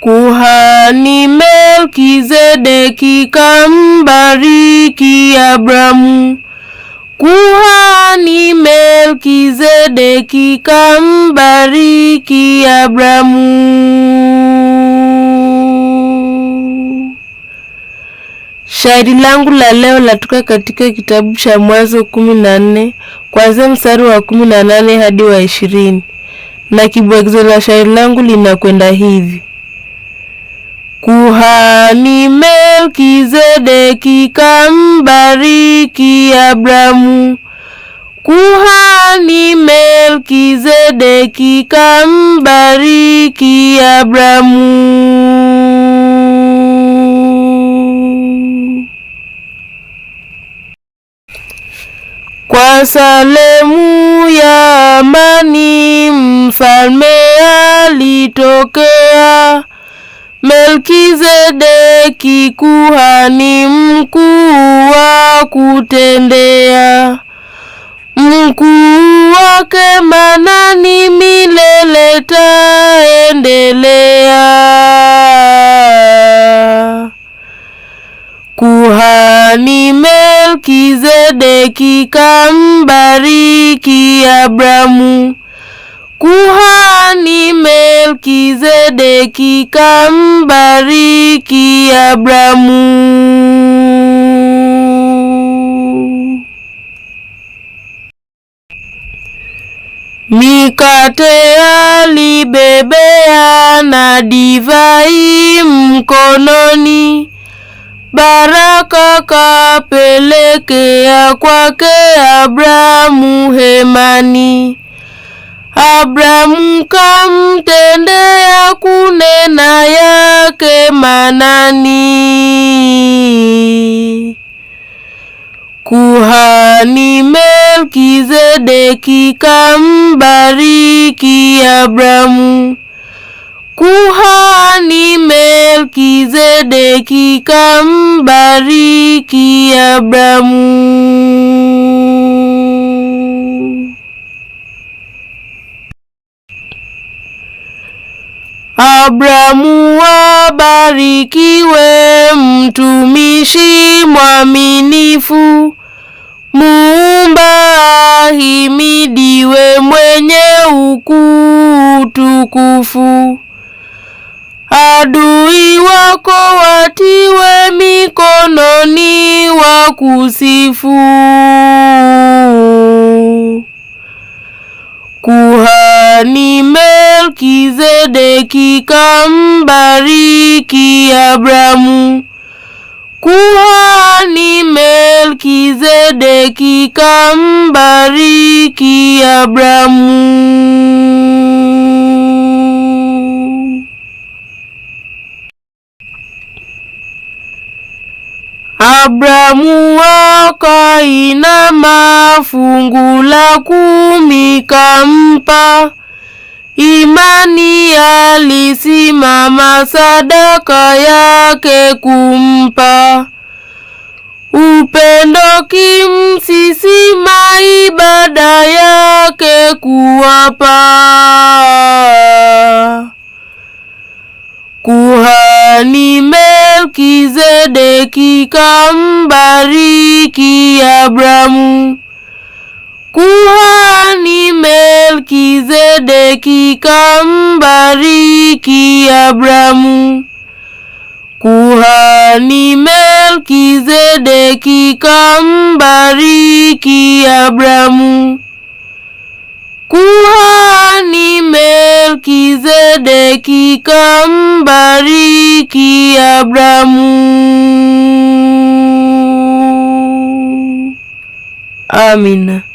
Kuhani Melkizedeki kambariki Abramu. Kuhani Melkizedeki kambariki Abramu. Shairi langu la leo latoka katika kitabu cha Mwanzo kumi na nne kuanzia mstari wa kumi na nane hadi wa ishirini na kibwagizo la shairi langu linakwenda hivi: Kuhani Melkizedeki kambariki Abramu. Kuhani Melkizedeki kambariki Abramu. Kwa salemu ya amani mfalme alitokea Melkizedeki kuhani mkuu wa kutendea, mkuu wake Manani milele taendelea. Kuhani Melkizedeki kambariki Abrahamu. Kuhani Melkizedeki kambariki Abramu. Mikate alibebea na divai mkononi, baraka kapelekea kwake Abramu hemani Abrahamu kamtendea kunena yake Manani. Kuhani Melkizedeki kambariki Abrahamu. Kuhani Melkizedeki kambariki Abrahamu. Abramu abarikiwe, mtumishi mwaminifu. Muumba ahimidiwe, mwenye ukuu utukufu. Adui wako watiwe mikononi, wakusifu. Kuhani Melkizedeki kambariki Abramu. Kuhani Melkizedeki kambariki Abramu. Abramu akainama fungu la kumi kampa Imani alisimama, sadaka yake kumpa. Upendo kimsisima, ibada yake kuwapa. Kuhani Melkizedeki kambariki Abramu. Kuhani Melkizedeki kambariki Abramu. Kuhani Melkizedeki kambariki Abramu. Kuhani Melkizedeki kambariki Abramu. Amina.